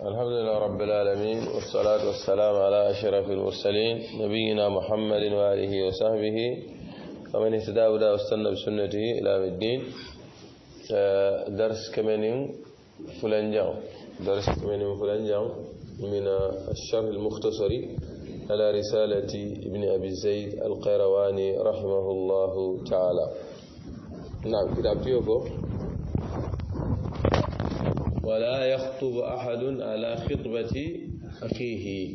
الحمد لله رب العالمين والصلاة والسلام على أشرف المرسلين نبينا محمد وآله وصحبه ومن اهتدى بدا واستنى بسنته إلى الدين آه، درس كمان فلان جاو درس كمان فلان جاو من الشرح المختصري على رسالة ابن أبي زيد القيرواني رحمه الله تعالى نعم كتاب تيوفو ولا يخطب أحد على خطبة أخيه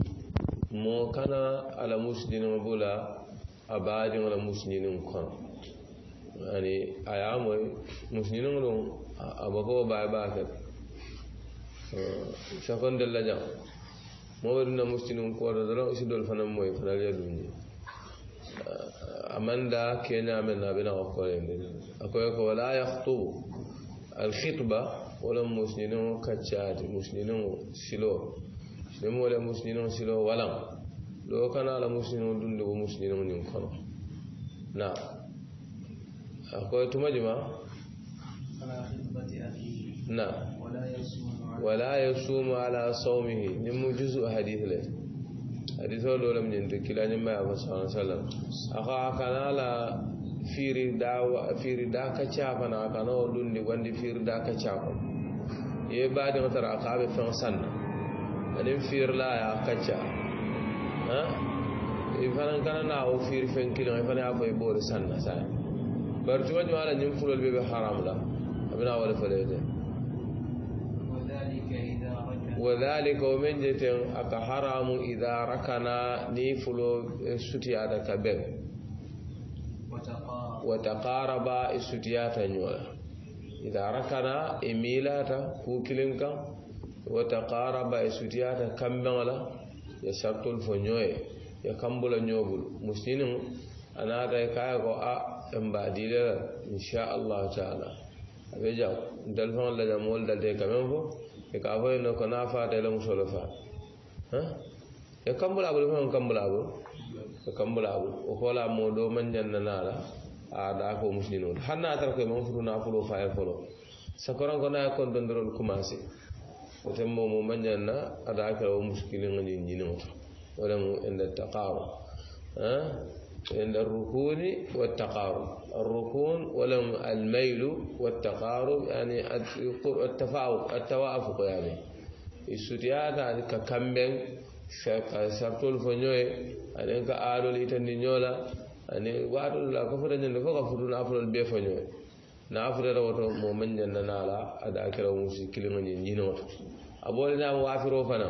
مو كان على مسجد مبولا أباد على مسجد كان يعني أيام مسجد مبولا أبقوا باي باكر شكون دلجا مورنا مسجد كورا دل أسد فنم موي فنالي أمن دا كينا من أبنا وقولين أقول ولا يخطب الخطبة wala musnino kaccati musnino silo sinimo wala musnino silo walam do kana ala musnino dunde bo musnino nin kono na akoy tuma jima na wala yasumu ala sawmihi nimu juzu hadith le hadith o dolam ñente kilañi mbaya fa sa sallam aka kana la firi da firi da kacca fana kana o dundi wandi firi da kacca kono ye baadiŋo tara a ka a be feŋo sanna aniŋ fiirila a ye a kacca i fanaŋ kana naa wo fiiri feŋ kiliŋo i fana ye a fo i boori sanna saa bari tuma jumaa la ñiŋ fulolu be be haram la a bena wo le fo le ye وذلك ومن جتن أك حرام إذا ركنا نيفلو ستيات كبير وتقارب ستيات نيوه إذا ركنا إميلاتا كوكلنكا وتقارب إسوتياتا كمبغلا يسرط الفنيوي يكمبل نيوبل مسلم أنا هذا كايكو أ إمباديلا إن شاء الله تعالى أبيجاو دلفون لنا مول دلتي كمان فو يكافو إنه كنا فاتي لمسولفا ها يكمبل أبو لفون كمبل أبو يكمبل أبو وقولا مودو من جننا ada ko muslimin hanna atar ko man furuna fulo fa e folo sakoran ko na kon dondirol commencé o temmo mo manyanna ada ka o muskilin ngin nyinin wala mu inda taqarub ha عند الركون والتقارب الركون ولهم الميل والتقارب يعني التفاوق التوافق يعني السوديات يعني ككمبن شرط الفنيوي يعني كآلو لإتن نيولا ani waatol la ko fota ñande ko ka futu naafulol bee fañoo naafurera woto mo man ñanna naala ada kira musi kiliŋo ñiŋ ñinoo to a boolinaama waafiroo fana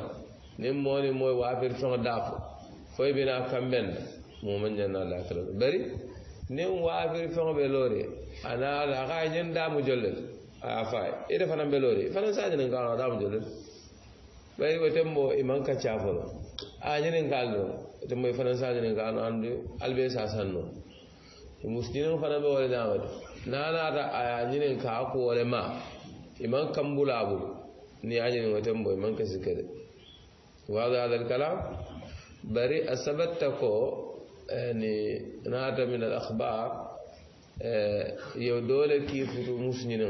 niŋ moo niŋ mooy waafir feŋo daafo foye be naa kambeŋ mo man ñanna ada kira bari niŋ waafir feŋo be loore a naa la a ka a ñiŋ daamu jolle a ye a faa ye ite fanaŋ be loore fanaŋ saaje niŋ kaano a daamu jolle bari wo tembo i maŋ kaccaa folo a ñiniŋ kaal doroŋ تموي فرنسا دين كانوا عندي ألبس أسانو المسلمين فرنسا بقولي دامد نانا أتا أجانين كأكو ولا ما إيمان كمبل أبو نيجي نقول تموي إيمان كسيكده وهذا هذا الكلام بري أثبت تكو يعني نادر من الأخبار يودول كيف المسلمين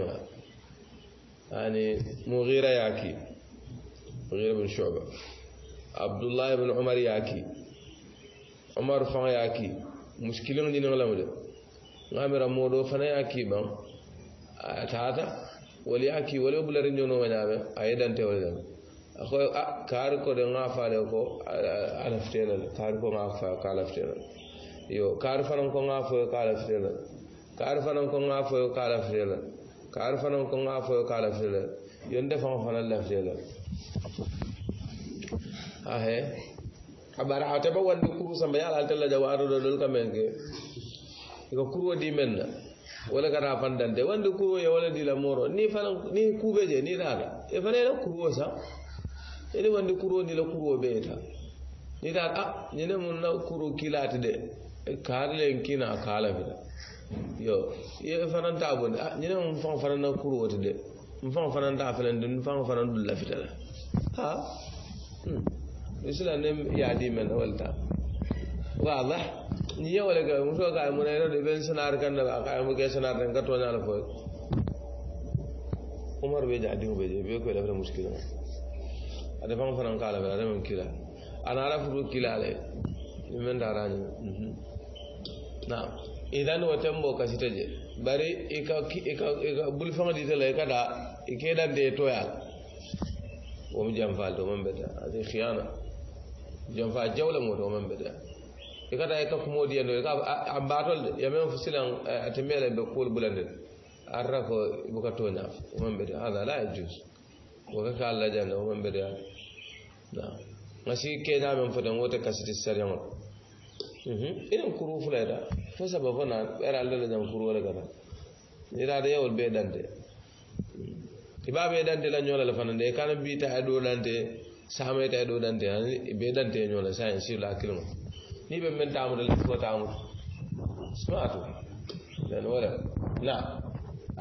يعني مغيرة ياكي مغيرة بن شعبة عبد الله بن عمر ياكي عمر فان ياكي مشكلة دي نغلا مدى غامر مودو فان ياكي بان تاتا ولي ياكي ولي بلرين يونو منابا ايدان تولدان أخو كاركو دي غافا كاركو غافا كالا فتيلة yo kaari fanaŋ ko ŋa foyo ka a lafita la kaari fanaŋ ko ŋa foyo ka a lafita la kaari fanaŋ abara ataba wande kuru samba yala altalla da waro do lol kamenge ko kuru di menna wala kana fandante wande kuru ya wala dila moro ni fana ni kubeje ni dala e fana la kuru sa ele wande kuru ni la kuru beta ni da a ni ne mun na kuru kilati de karle kina kala bila yo ye fana ta bon a ni ne mun fana fana na kuru wote de mun fana fana ta fana dun fana fana dun lafita ha hmm. isla nem yaadi men walta واضح نية ولا كا مشوا كا من هنا دبل سنار كنا كا مو كيس سنار كنا كتوانا لفوق عمر بيجا عدي هو بيجا بيجا كلا فلا مشكلة هذا فهم فلان كلا فلا هذا من كلا أنا أعرف رو كلا عليه من داراني نعم إذا نو تمبو كسيتجي بري إكا إكا إكا بولفان دي تلا إكا دا إكيدا دي تويا ومجام فالتو من بيتا هذه خيانة jom fa jawla mo do man beda e kata e kaf modi en do ka ambatol ya men fu silan atemele be kul bulande arrafo buka tonya man beda hada la yajuz wa ka Allah jalla man beda na ngasi ke na men fodan wota kasiti sarjan irin kuru fula da fasa ba fana era Allah da jan kuru wala kada ira da yawul be dante ibabe dante la nyola la fana de kana bi ta hadu dante samayta e ɗo ɗante ɓe ɗante e ñoola sahen sirla hakkilmo ni ɓe men tamude la ko tamude smatu nan wala na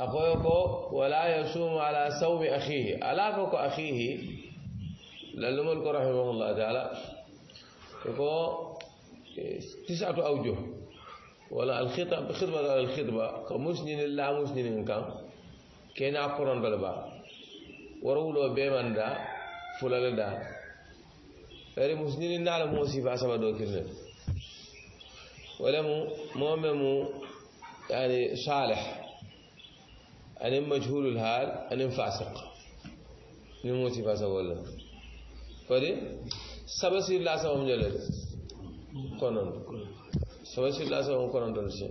akoyo ko wala yasumu ala sawmi akhihi ala fo ko akhihi lallumol ko rahimahullah taala ko tisatu awjo wala alkhitba ala alkhitba ko musñinin la musñinin kan kena korondol ba woro wulo be manda fulala da bari musnini nala musifa asaba do kirne wala mu mu'minu yani salih ani majhulul hal ani fasiq ni musifa sawala fari sabasi la sabam jale konon sabasi la sabam konon don shi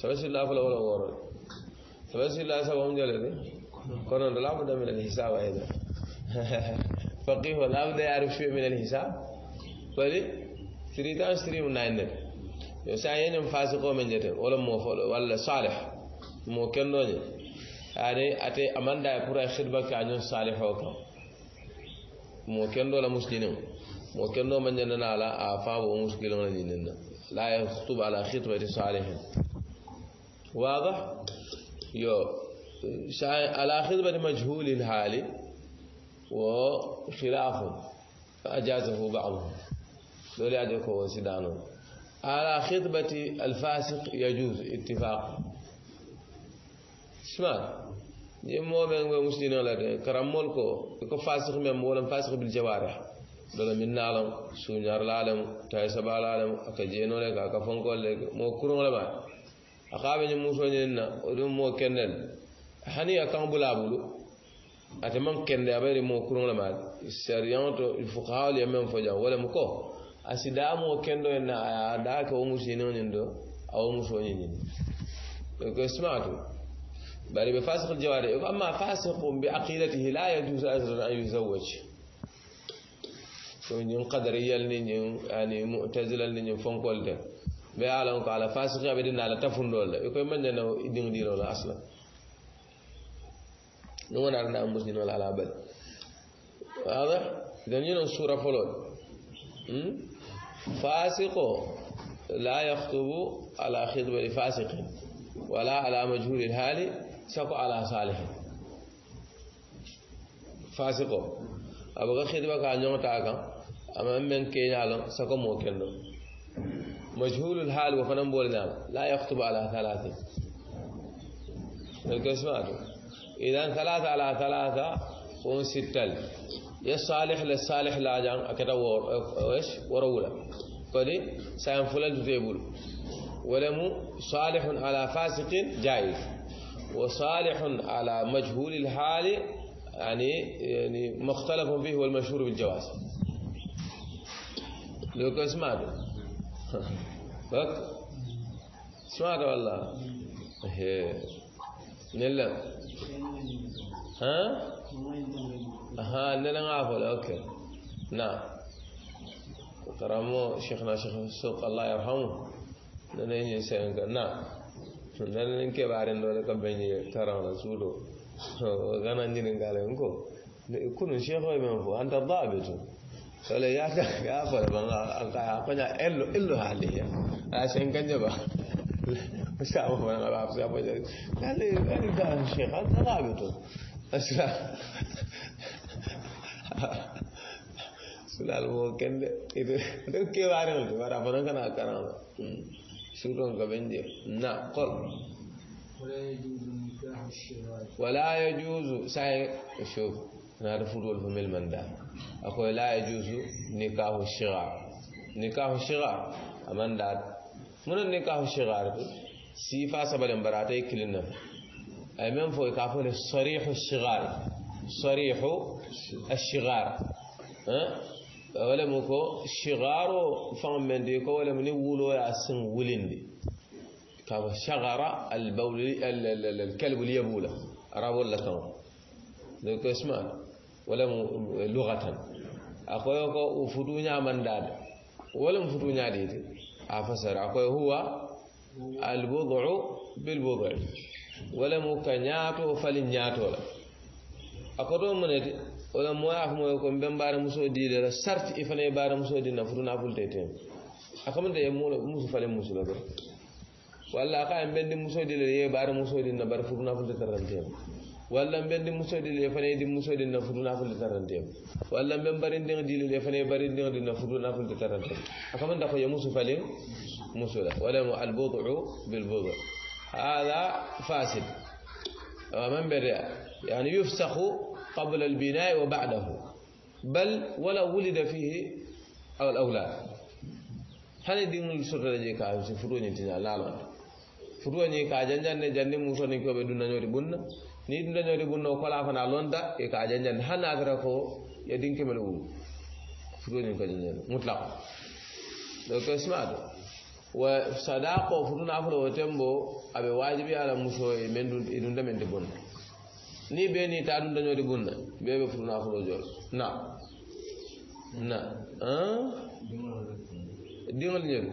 sabasi la fala wala woro sabasi la sabam jale konon la bu damina hisaba ida فقيه ولا بد يعرف شيء من الحساب بل 3 من عندك يسعين فاسقو من جت ولا مو ولا صالح مو كنوني يعني أتي أمان دا يقرأ خدمة كأنه صالح وكم مو كنو ولا مسلمين مو كنو من جننا على آفا آفاب ومسلمين جننا لا يخطب على خطبة صالح واضح يو شاء على خطبة مجهول الحالي وخلاف فأجازه بعضهم دولي أجوك وسدانون على خطبة الفاسق يجوز اتفاق اسمع يم مو من مسلمين لا كرام مولكو كو فاسق ميم مولا فاسق بالجوارح دولا من نالم سونيار لالم تاي سبا لالم اكا جينو لك اكا فنكول لك مو كرون لما اخابي نموسو نينا ودوم مو كنن حني اكام بلا بلو ataman kende abere mo kuron la mal sariyanto fuqaha ya men foja wala mu ko asidamo kendo en da ka o musino nindo aw muso nyin ko smatu bari be fasiq al jawari amma fasiq bi aqidatihi la yajuz azra an yuzawwaj so nyin qadariyal ni nyin yani mu'tazilal ni nyin fonkol de be alon ko ala fasiq be dinala tafundol ko man na idin diro la aslan نون على المسلمين على بل واضح اذا ينون سوره فلول فاسق لا يخطب على خطبه لفاسق ولا على مجهول الحال سق على صالح فاسق ابغى خطبه كان يوتا كان اما من كين على سق مو مجهول الحال وفنن بولنا لا يخطب على ثلاثه الكسمات إذا ثلاثة على ثلاثة فون ستة يا صالح للصالح لا جان أكتا وش ورولا فدي سام فلان تيبول ولم صالح على فاسق جائز وصالح على مجهول الحال يعني يعني مختلف فيه والمشهور بالجواز لو كسمعت سمعت والله إيه. نلا ها ها لا لا عفوا اوكي نعم كرامو شيخنا شيخ السوق الله يرحمه لا ينسى نعم nan ke barin da kan benye tara na sudo ganan jinin galen ko kunun shekho men fo anta dabitu sole ya ta ya fara ban an ka ya fanya ello ello haliya a sen kanje ba مش عارف انا بعرف يا ابو قال لي انا فاهم الشيخ انت ضابطه بس لا سلال موكند இது இதுக்கு வாரங்களுக்கு வேற அப்பதான் நான் கரான சுருக்கம் கபெஞ்சு نعم قل ولا يجوز ساي شوف انا رفض الفم ده اقول لا يجوز نكاح الشغار نكاح الشغار امان ده nonon ne kafo shigar sifa sabalen barata ikilin nan ay men fo kafo le sarihu shigar sarihu ashigar wala mu ko shigaro fan men de ko wala mu ni wulo ya sin wulindi kafo shagara albawl alkalb yabula arabo la kan donc isma wala mu lughatan akoyo ko futu nya mandade wala mu futu nya de afasara akoye huwa albudu bilbudui walamu ka ñaato fali ñaatola akoto munete wala moya fumoye ko mben mbaara musoo diidera sart i fana e mbaara musoo di nafutu nafulte tem akamata ye mulo musu fale musula do walla aka en mbendi musoo diidera ye mbaara musoo di na bara futu nafulte tarantema ولا مبند مسجد لفني دي مسجد نفرو نافل تارنتيم ولا مبند دي لفني بند دي نفرو نافل تارنتيم أكمل دخو يا موسى فلين موسى لا ولا البضع بالبضع هذا فاسد ومن بريء يعني يفسخ قبل البناء وبعده بل ولا ولد فيه أو الأولاد هل دين السر الذي كان في فروع نتنا لا لا فروع نتنا جنجان جنجان موسى نكوا بدون نجور بنا ni ɗum dañode gunno kolafana londa e ka jañjande hanna adata ko yo dinkemel wuro fotonin ko jañjande mutlako ɗo ko smato wa sadako fotonafolo o tembo aɓe wajibi ala muso e men ɗum e ɗum damente bonna ni ɓeni ta ɗum dañode gunna ɓeɓe fotonafolo jo na na dingol ñeru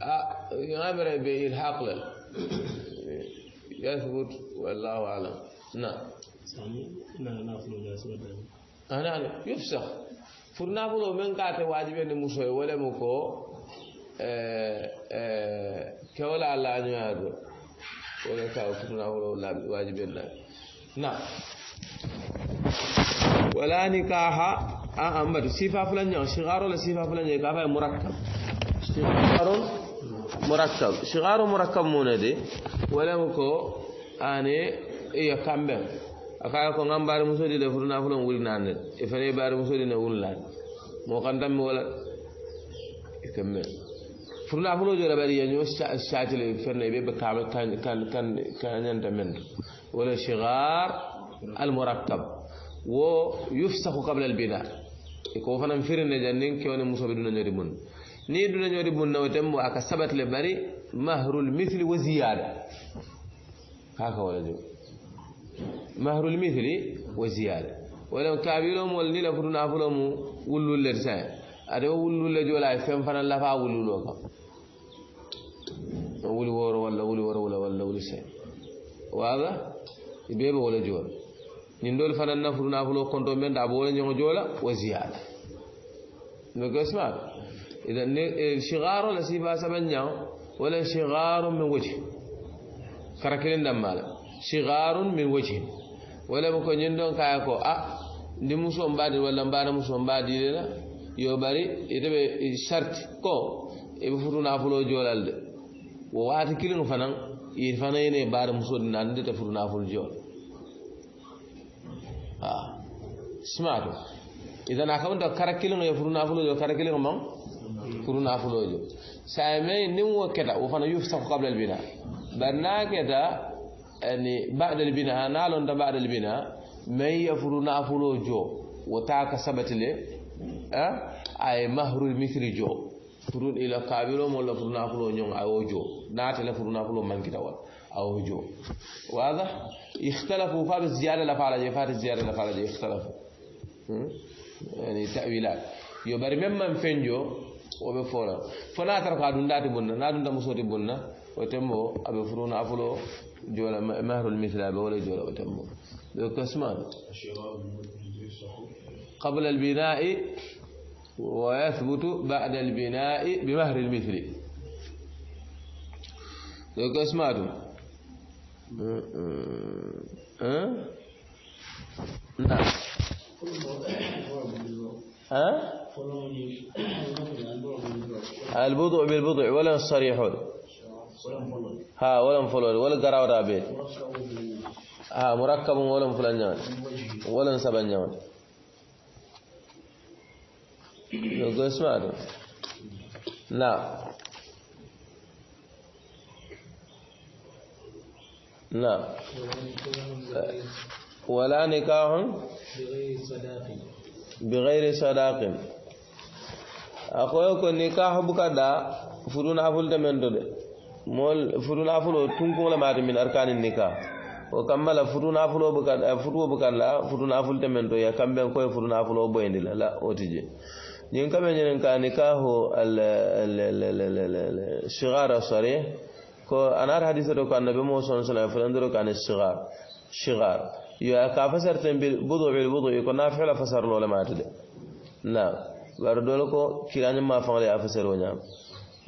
a amere ɓe il haqlal yasbut wallahu alam نعم نعم يفسخ فرنا بلو من قاعدة واجبين مشوي ولا مكو آه، آه، كولا على عنو هذا ولا كاو فرنا بلو واجبين نعم ولا نكاح أه أمر سيفا فلان يعني شغار ولا سيفا فلان يعني كافة مركب شغار مركب شغار مركب مونا دي ولا مكو أني e kambe akaya ko ngambare musodi le furna fulon wuri nanet e fere bare musodi ne wulla mo kan tammi wala e kambe furna fulo jora bari yanyo shaati le ferne be be kambe kan kan kan kan men wala shigar al murakkab wo yufsahu qabla al bina ko fanan firne jannin kewne musobe duna nyori mun ni duna ñori mun naw tem aka sabat le bari mahrul mithli wa ziyada haka wala jog مهر المثل وزيادة ولو كابيلهم والنيل فرنا فلهم ولو لرسان أدو ولو لجولا آية فهم فنا لفا ولو لوكا ولو ور ولا ولو ور ولا ولا ولو سين وهذا يبيب ولا جول نندول فنا نفرنا فلو كنتم من دابول نيو جولا وزيادة نقسم إذا الشغار ولا سيفا سبنيا ولا شغار من وجه كركلين دمالا شغار من وجه ولم كن يندون كايكو أ ndi muso mbaadi walla mbaana muso mbaadiide la yo bari ite ɓe sarti ko eɓe futu naafuloo joolal de wo waati kiliŋ fanaŋ yiri fana yene mbaada musoo di naani ndeta futu naafulu jool aa simaato idan a kamata kara kiliŋo ye futu naafulo jo kara kiliŋo maŋ futu naafulo jo saa me niŋ wo keta wo fana yuftaku qabla albina bari naa keta يعني بعد البناء نالون بعد البناء من يفرو نافلو جو وتاك سبت لي أه؟ أي مهر المثل جو فرون إلى كابيلو مولا فرون نافلو نيون أو جو نات لا فرون نافلو من كتاول أو جو واضح اختلفوا فاب الزيادة لفعل جي فات الزيادة لفعل جي اختلفوا يعني تأويلات يبر من من فنجو وبفونا فنا تركوا دون داتي بنا نادون دمسوتي بنا وتمو أبي فرون أفلو جولة مهر المثل أبي ولا جولة وتمو ذو كسمان قبل البناء ويثبت بعد البناء بمهر المثل ذو كسمان أه؟ نعم أه؟ البضع بالبضع ولا الصريحون ها ولم فلول ولا قراو رابي ها مركب ولم فلان نعم ولن سبن نعم يقول اسمع نعم نعم ولا نكاح بغير صداق أخوك نكاح بكدا فرون حفلت من دولة مول فuru nafolo tunkuŋo lemaati min arkanin nika o kamma la furu nafolo futuo bukan la furu nafulite men to ya kamben koye furu nafulo boyindi la la woti je ñiŋ kame ñinin ka nikahu sigara sari ko anar hadise to ko annabi mo son sala fulandiro ka ni sigar sigar yo ka fasarten bi buduil budui ko nafila fasarlo lemaati de na bari dole ko kirañin ma faŋle a fasaro ñaama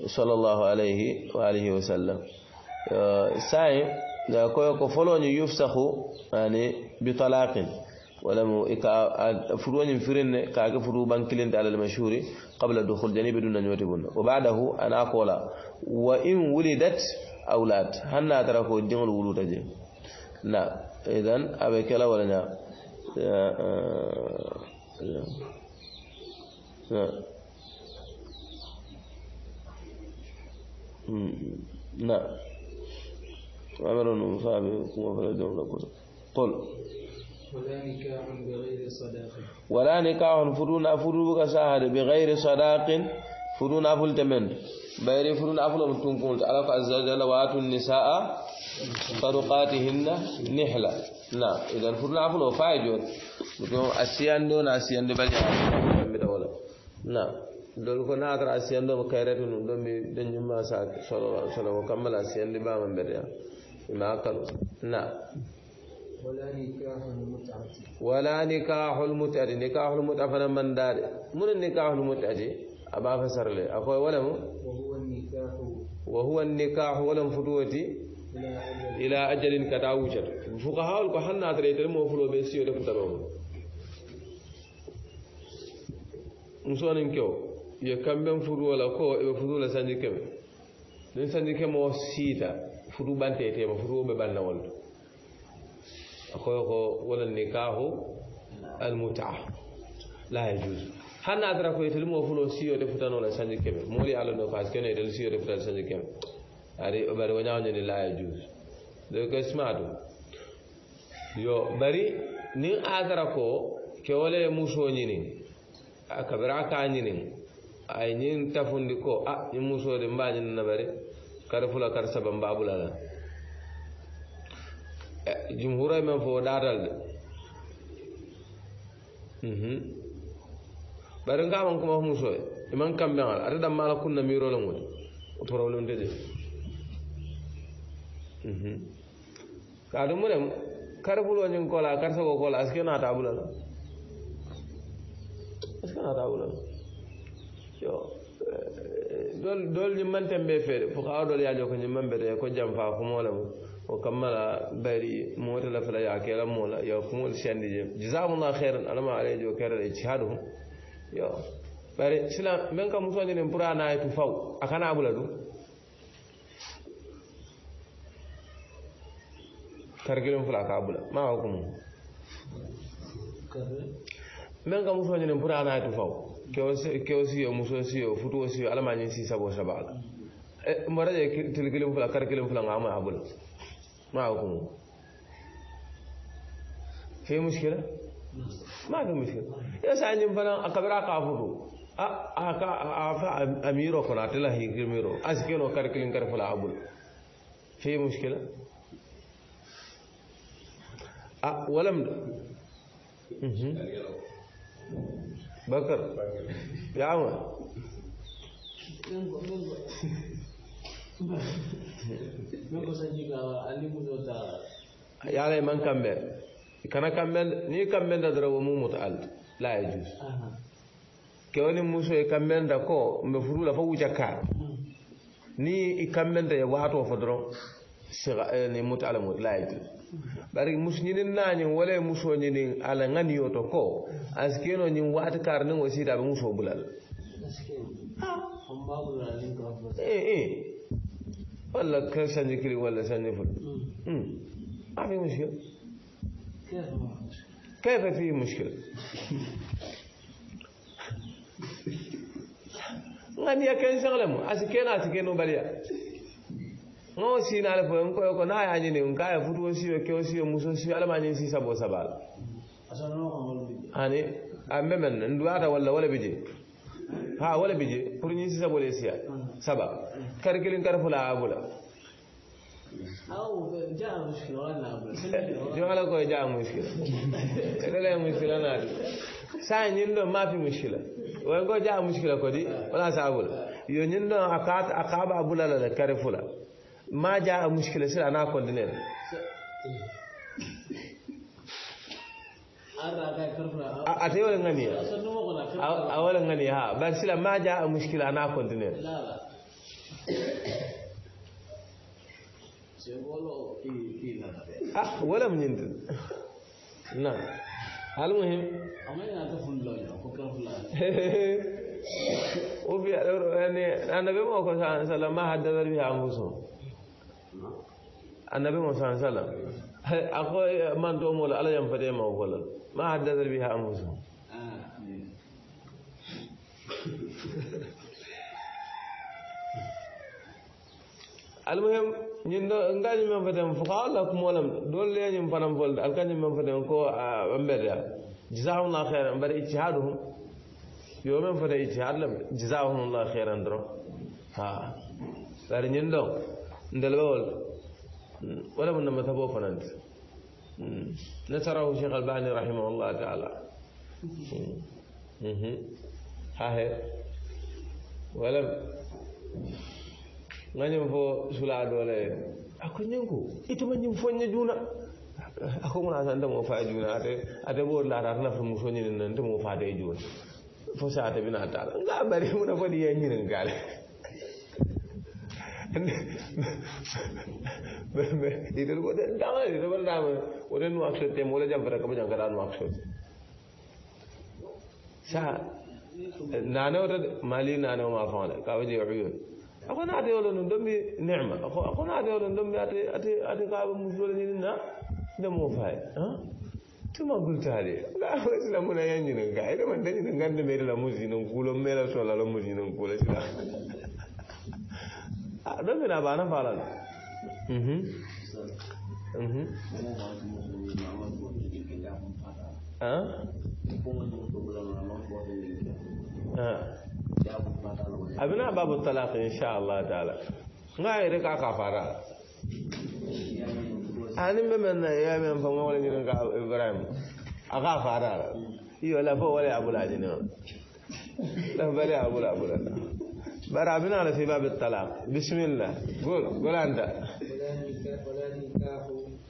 صلى الله عليه وآله وسلم ساي كويكو فلون يفسخ يعني بطلاق ولم فروان فرن كاك فرو بانكلين على المشهور قبل دخول جنيب دون نيوتبون وبعده انا اقول وان ولدت اولاد هنا تركوا دين الولود جي لا اذن ابي كلا ولا لا نعم عمل ينفع بقوة فلا يدعو لكم قل ولا نكاح بغير صداق ولا نكاح فرون فرون كسهر بغير صداق فرون أفل تمن بغير فرون أفل تنكم على عز وجل وآتوا النساء فرقاتهن نحلة نعم إذا فرون أفل وفاجر أسيان دون أسيان بل نعم dol ko naatara siyando mo kayrete num ɗon mi dañumma sa solo solo ko kammala siyandi bama mbeɗeya ima kalu na wala nikahul mutati nikahul muta fana mandade mune nikahul mutati aɓa fa sarle akoye walamo wa huwa nikahu walam futuwoti ila ajalin kata wucata fukahawol ko hannaatara yitere mo fulo ɓe siyode futaɓamo musonin kewo يكم فرو ولا كو يفرو لا سني كم لين سني كم هو سيدا فرو بان تي تي فرو مبان نول أخوي ولا النكاح المتعة لا يجوز هن أدرك ويتلم وفلو سيو دفتان ولا سني كم مولي على نفاس كنا يدل سيو دفتان سني كم أري أبرو نعوني لا يجوز ده كسمعتو يو بري نين أدركو كي ولا يمشوني نين أكبر عكاني نين ay ñin tafundi ko a ah, ñin musode mbañin na bare kar fula kar saba mbabula la jumhuray men fo datal de bare ngaman kuma fo musoye iman kambeŋal ate dammala kunna miro le ngol o probléme de kaatu mu nem kar fuloo ko kola kar sago kola aske naata bula la eh, aske mhm. mhm. naata bula la Eh, دول دول نمان تنبي فير فخاو دول يا جوك نمان بري كو جام فاكو مولا وكمالا بري موت لا فلا ياكي مولا يا كمول شاندي جيم جزاهم الله خيرا انا ما عليه جو كير الاجهاد يا بري سلا من كم سوني نمبرا ناي تفاو اكانا ابو لدو تركيلهم فلا كابولا ما هو كمون men ka muso ñinen pour ana tu faw kewo siyo muso siyo futuwo siyo alama ñin si sabo saba la mbara je til kilim fula kar kilim fula nga amay habul ma ko mu fi mushkila ma fi mushkila ya sa ñin fana akabira ka futu a aka afa amiro kono atela hikimiro askeno kar kilim kar fula habul fi mushkila a walam da bakar ya yala man kammel kana kammel ni kammel da dara mu al, la eh, ju ke wani muso ya kammel da ko mbe furu la fa wuja ka hmm. ni i kammel da ya wato fa dron ni mut ala mut layti bari mus nyinin nani wala mus nyinin ala ngani yoto ko askeno nyin wat kar ni wosi da muso bulal eh eh wala ka sanji kiri wala sanji ful hmm ما في مشكلة كيف فيه مشكلة غني كان شغله اسكن اسكن بليا ŋo sina le fo nko ko na ya nyini nka ya futu siyo ke siyo muso siyo ala ma nyini sisa bo sabal ani ambe men nduata wala wala bije ha wala bije pour nyini sisa bo le siya saba kar kilin kar fula abula او جاء مشكله ولا ابو جو على كو جاء مشكله لا مشكله نادي ساي نين ما في مشكله وين كو جاء مشكله كدي ولا سابول يو نين اكات اكاب ابو لا لا كرفلا ما جاء مشكلة سلا أنا أقول دنيا أتي ولا غني أولا غني ها بس سلا ما جاء مشكلة أنا أقول دنيا لا لا أه ولا من يندن نعم المهم وفي يعني النبي محمد صلى الله عليه وسلم ما حدث بها انفسهم النبي محمد صلى الله عليه وسلم أخوي من تؤمل على ينفذ ما هو ما حدث بها أنفسهم المهم ngañi men feten fo ka la kumolam dol leñim fanan folde alkañi men feten ko mbedea jisahumllah hairan mbaɗa ijtihaduhum yo men fota ijtihad lam jisahumllah hairan doron ha sari ñin ɗon ndalbawol wala mun nama tabo fananti نتراه شيخ الباني رحمه الله تعالى ها ولم nganyam fo sula dole ako nyangu itu man nyum fonya juna ako mo asan damo fa juna ate ate bo la rar na fa mo sonni nan damo fa de juna fo sa ate bina ta nga bari mo na fa di yanyi nan gale ඉතින් උඩ දාම ඉතවල දාම ඔරෙන් වාක්ෂත්තේ මූලජම් ප්‍රකම ජංගරාන් වාක්ෂොත් සා نانورد مالي نانو ما فانا كاوجي عيون اكو نادي ولن دمبي نعمه اكو اكو نادي ولن دمبي اتي اتي اتي كاب مسولني نا دمو فاي ها tuma gultare la muna yanyi nan ga ida man danyi nan ganda mere la musi nan kulo mere so la la musi nan kulo sila دمنا بانا فالال mhm mhm ah abina babu talaq insha Allah ta'ala ngai reka kafara anin be men ya men fa ngol ni ka Ibrahim aga fara iyo la fo wala abula dinu la bale abula abula برابنا على في باب الطلاق بسم الله قول قول أنت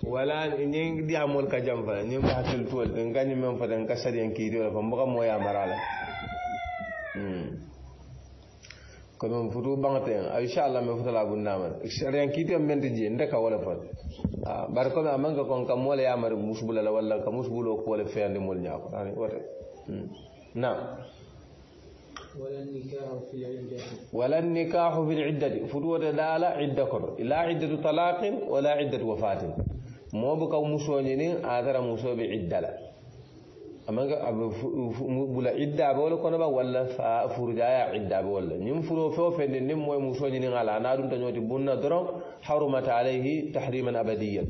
ولا نين دي أمور كجام فلا نين بحث الفول إن كان يمين فلا إن كسر ينكيري ولا فمبقى مويا مرالا كم فتو بانتين إن شاء الله من فتلا أبو نامن كسر ينكيري من تجي ندك ولا فل آه، باركم أمان كون كم ولا يامر مشبولا ولا كمشبولا ولا فين دي مول يعني، نعم ولا النكاح في العدة ولا النكاح فتوة لا لا عدة كر لا عدة طلاق ولا عدة وفاة مو بك مسوجين آثر مسو بعدة لا أما بلا عدة بولا كنا ولا فرجاء عدة بولا نم فرو فو فين نم مو مسوجين على نار تنوت بنا درم حرمت عليه تحريما أبديا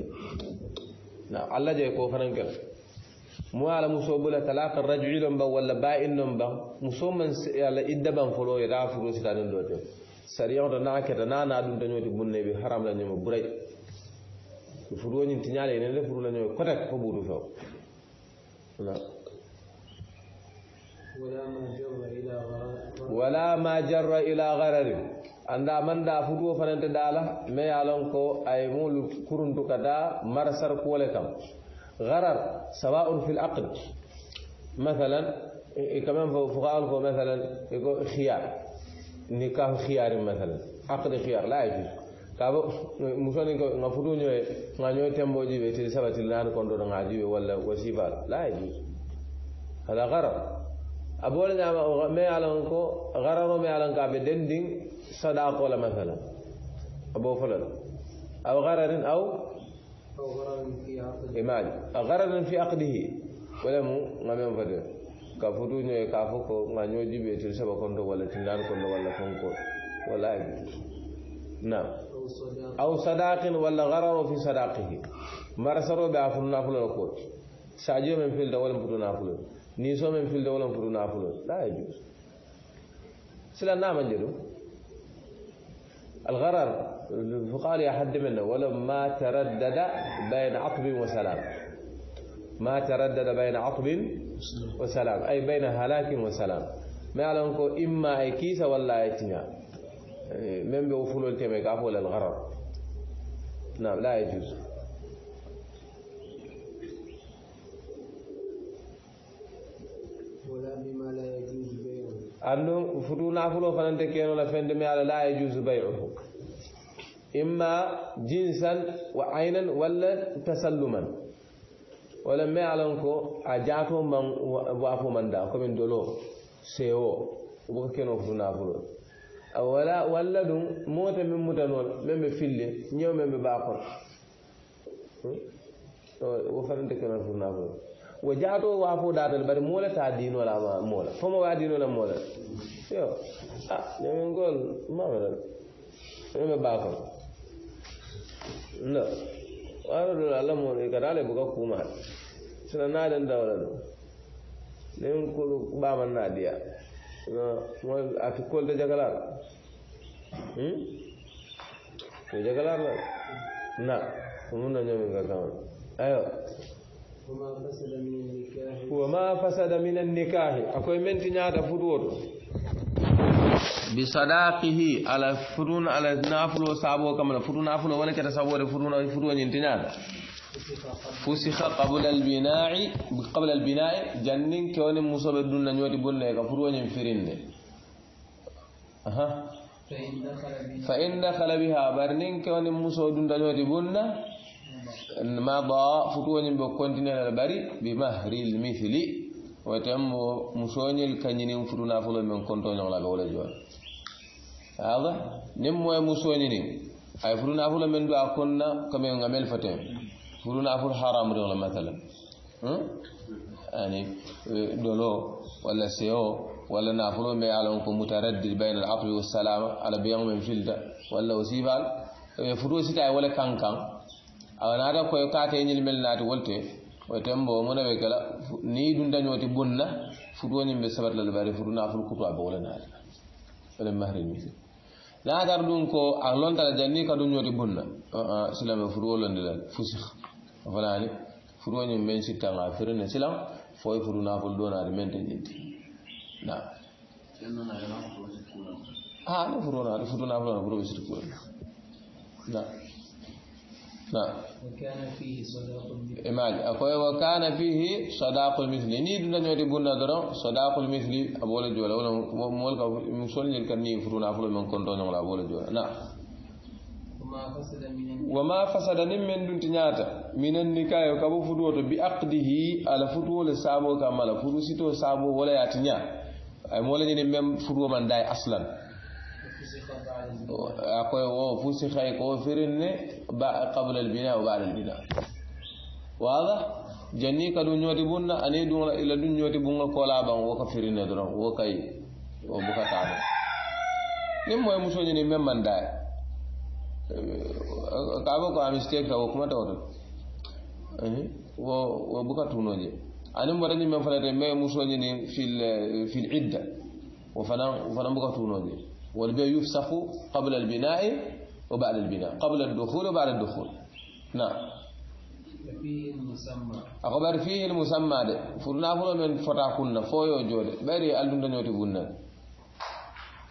نعم الله جاي كوفرنكر mo ala muso bula talaka rajulun ba walla ba'in non ba muso man ala iddaban folo ya rafuru sitanin dote sariyon da na keta na na dum tanyo dum ne bi haram la nyama burai furu nyin tinyale ne le furu la nyoy kotak ko budu faw la wala ma jarra ila gharari anda man da futuwo fananta dala me yalon ko ay mulu kuruntu kada marasar kole kam غرر سواء في الأقل مثلا كمان فقهاء الفقه مثلا يقول خيار نكاح خيار مثلا عقد خيار لا يجوز كابو مشان يقول نفرون يوي نانيو تيمبو جيبي تي سبت الله ان كوندو دو ناجيبي ولا وسيبال لا يجوز هذا غرر ابو لك ما مي لك غرر مي لك كابي دندين لك مثلا ابو فلان او غرر او إيمان غرض إيه، في عقده ولا مو ما عقده ولم غمم فدر كفتو ما نوجي غانيو سبا كونتو ولا تندان كونتو ولا كونكو ولا أجل نعم أو صداق ولا غرر في صداقه مرسرو بأفل نافل الكوت ساجيو من فيل دولم فتو نافل نيسو من فيل دولم فتو نافل لا يجوز سلا نعم جلو الغرر فقال يا حد منا ما تردد بين عقب وسلام ما تردد بين عقب وسلام أي بين هلاك وسلام ما علمكم إما أي ولا أتنا من بوفلو التميك ولا الغرر نعم لا يجوز ولا بما لا يجوز بيعه أنه فتو نافلو فننتكينو لفندمي على لا يجوز بيعه إما جنسا وعينا ولا تسلما ولم يعلمكو أجاكم من وافو من دا كمن دولو سيو وكنو فنافلو أولا ولا دون موت من متنول من بفيلي نيو من بباقر وفرنت كنا فنافلو وجاتو وافو داتل بر مولا تا دينو لا مولا فما وا دينو لا مولا يو اه نيو نقول ما بدل من بباقر na waro do Allah mo e kada le buka kuma sina na dan da wala ne ko ba man na dia mo a fi kol da jagala hmm ko jagala na na mun na nyomi ga kan ayo وما فسد من النكاح وما فسد من النكاح اكو منتي نياتا فودوتو بصداقه على فرون على نافل وصابو كما فرون نافل ولا كذا صابو فرون فرون ينتنا نعم. فسخ قبل البناء قبل البناء جنن كون مصاب دون نيوتي بن فرون ينفرين اها فإن دخل بها برنين كون مصاب دون نيوتي بن مضى فتون بكونتنا البري بمهر المثل وتم مصوني الكنين فرون نافل من كنتون على قول جوال هذا نمو مسونيني أي فرنا فولا من دو أكوننا كم يوم عمل فتن فرنا فول حرام ولا مثلا يعني دولو ولا سيو ولا نافلو ما على أنكم متردد بين العقل والسلام على بيوم من فيلد ولا وسيفال فرونا سيتا ولا كان كان أو نادا كوي كاتي نيل مل ناتي ولتي وتمبو منا بكلا ني دون دانيوتي بوننا فرونا مي سبت لباري فرونا فول كتوا ولا ناتي ولا مهر المثل la gar dun ko a lontala janni ka dun ñoti bunna silame furuwo londi la fusih fanani furuwo ñum men sittanga firine silam foy furu nafol donade men te ñinti na ha ne furuwo naade futu nafolona furuwo sirkuwol na imaji akoye wo kana fihi sadaqul misli ni ɗum dañ wati bunna doro sadaqul misli a ɓoole joole wona molka mi solñel kan ni futuna fulo men kontoñongla a ɓoole joole na wa ma fasada nin men ɗum ti ñaata minen ni kayo kabo futuwo to bi aqdihi ala futuwole saabo kam ala futu sito saabo wala yaa ti ña ay moole ñini men futuwo man daye aslan akoye o fu si hay e ko firinne qable al bina o bade al bina wala janni ka ɗum ñooti bunna ani ɗuna illa ɗum ñooti bunga kolaban wo ka firinne dron wo kay o bukatano nin moye musoñini men mandaye kaɓe ko amistake ta wo kuma tawto wo wo buka tunoje ani mbota ñimmen fanate me musoñini fil fil idda wo fana wo fana buka tunoje والبيع يفسخ قبل البناء وبعد البناء قبل الدخول وبعد الدخول نعم فيه المسمى أخبر فيه المسمى ده فرنا فلو من فتاكنا فويو جود بري ألدن دنيو تبونا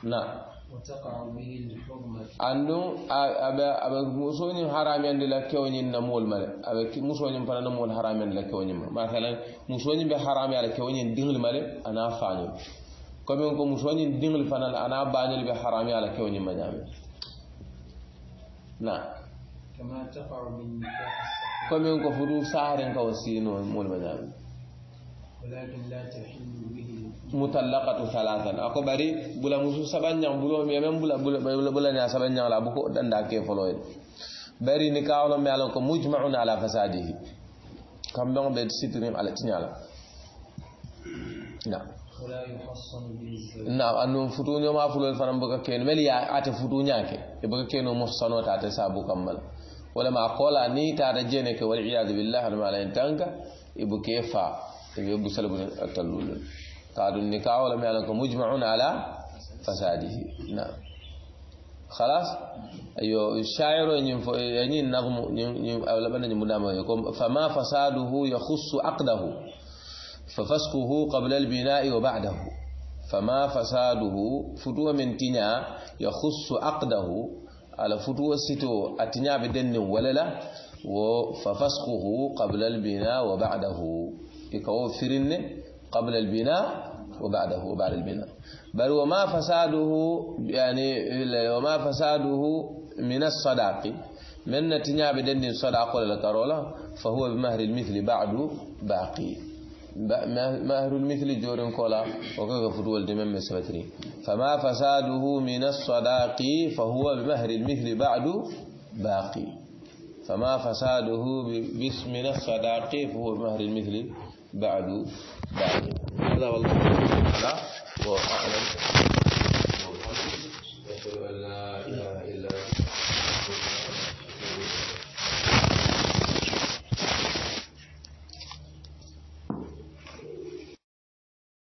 نعم وتقع به الحرمة أنو أبا أبا مسوين حرام عند لك كوني نمول مال أبا مسوين فلا نمول حرام عند لك كوني مثلا مسوين بحرام على كوني دين المال أنا فاهم komin ko musoñin diŋol fanal ana bañol ɓe harami ala kewñi mañami na komin ko futu saharen kawo sino mol mañami mutallaqatu thalathan ako bari bula musu sabanñang bulo mi men bula bula ne sabanñang la buko danda ke folo en bari ni kawlo mi alon ko mujma'un ala fasadihi kam don be sitrim ala tinyala na ولا يحصن به الزوج نعم نعم فتون يوم أفلو نعم نعم كين نعم نعم فتون نعم نعم نعم نعم نعم سابو نعم نعم أقول أني نعم نعم والعياذ بالله لما لا نعم نعم نعم نعم سلب التلول قالوا النكاح ولم يعلمكم مجمعون على فساده نعم خلاص ايوه الشاعر يعني النغم فما فساده يخص عقده ففسقه قبل البناء وبعده فما فساده فتوى من تنيا يخص عقده على فتوى ستو أتنيا بدن ولا لا ففسقه قبل البناء وبعده يكوفرن قبل البناء وبعده وبعد البناء بل وما فساده يعني وما فساده من الصداق من نتنيا بدن صداق ولا كارولا فهو بمهر المثل بعد باقي ماهر المثل جورن كولا وكيف فتول دمم سبتري فما فساده من الصداق فهو بمهر المثل بعد باقي فما فساده باسم الصداق فهو بمهر المثل بعد باقي هذا والله تعالى واعلم